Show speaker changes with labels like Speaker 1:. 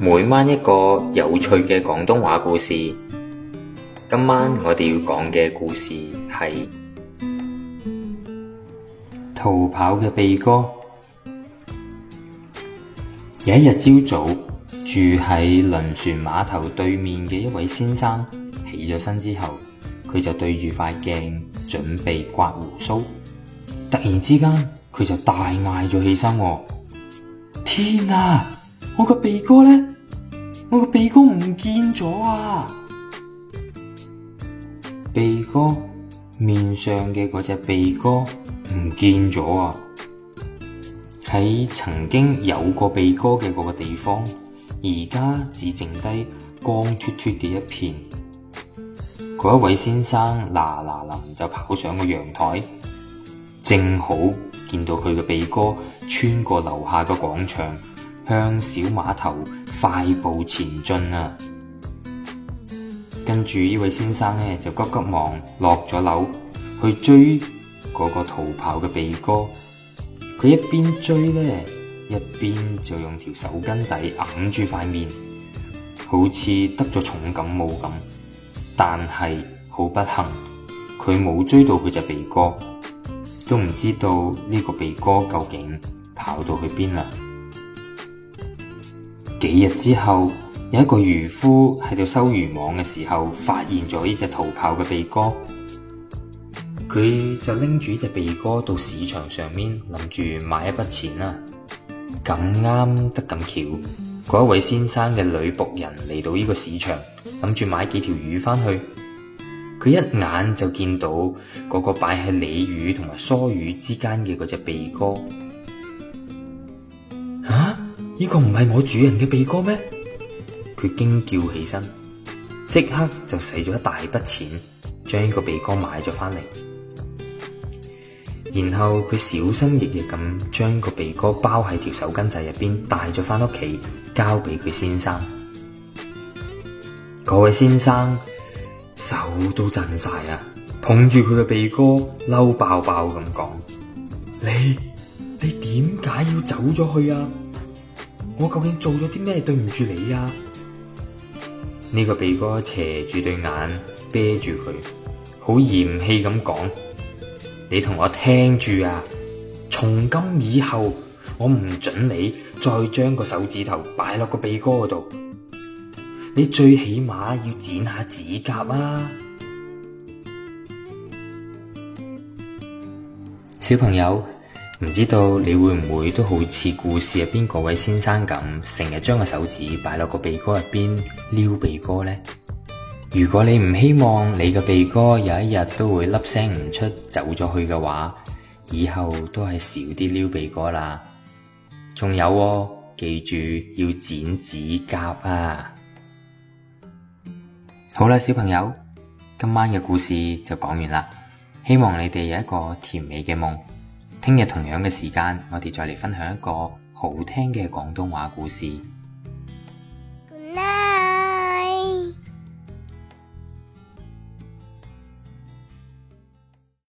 Speaker 1: 每晚一個有趣嘅廣東話故事，今晚我哋要講嘅故事係逃跑嘅鼻哥。有一日朝早，住喺輪船碼頭對面嘅一位先生起咗身之後，佢就對住塊鏡準備刮鬍鬚，突然之間佢就大嗌咗起身：「喎，天啊！我個鼻哥呢！」我個鼻哥唔見咗啊！鼻哥面上嘅嗰隻鼻哥唔見咗啊！喺曾經有過鼻哥嘅嗰個地方，而家只剩低光脫脫嘅一片。嗰一位先生嗱嗱臨就跑上個陽台，正好見到佢嘅鼻哥穿過樓下嘅廣場。向小碼頭快步前進啊！跟住呢位先生呢，就急急忙落咗樓去追嗰個逃跑嘅鼻哥。佢一邊追呢，一邊就用條手巾仔揞住塊面，好似得咗重感冒咁。但係好不幸，佢冇追到佢隻鼻哥，都唔知道呢個鼻哥究竟跑到去邊啦。幾日之後，有一個漁夫喺度收漁網嘅時候，發現咗呢隻逃跑嘅鼻哥。佢就拎住呢隻鼻哥到市場上面，諗住賣一筆錢啦。咁啱得咁巧，嗰一位先生嘅女僕人嚟到呢個市場，諗住買幾條魚翻去。佢一眼就見到嗰個擺喺鯉魚同埋梭魚之間嘅嗰隻鼻哥。呢個唔係我主人嘅鼻哥咩？佢驚叫起身，即刻就使咗一大筆錢將呢個鼻哥買咗翻嚟，然後佢小心翼翼咁將個鼻哥包喺條手巾仔入邊帶咗翻屋企，交俾佢先生。嗰位先生手都震晒啊！捧住佢嘅鼻哥，嬲爆爆咁講：你你點解要走咗去啊？我究竟做咗啲咩對唔住你啊？呢個鼻哥斜住對眼，啤住佢，好嫌棄咁講：你同我聽住啊！從今以後，我唔准你再將個手指頭擺落個鼻哥嗰度。你最起碼要剪下指甲啊，小朋友。唔知道你會唔會都好似故事入邊嗰位先生咁，成日將個手指擺落個鼻哥入邊撩鼻哥呢？如果你唔希望你個鼻哥有一日都會粒聲唔出走咗去嘅話，以後都係少啲撩鼻哥啦。仲有哦，記住要剪指甲啊！好啦，小朋友，今晚嘅故事就講完啦，希望你哋有一個甜美嘅夢。聽日同樣嘅時間，我哋再嚟分享一個好聽嘅廣東話故事。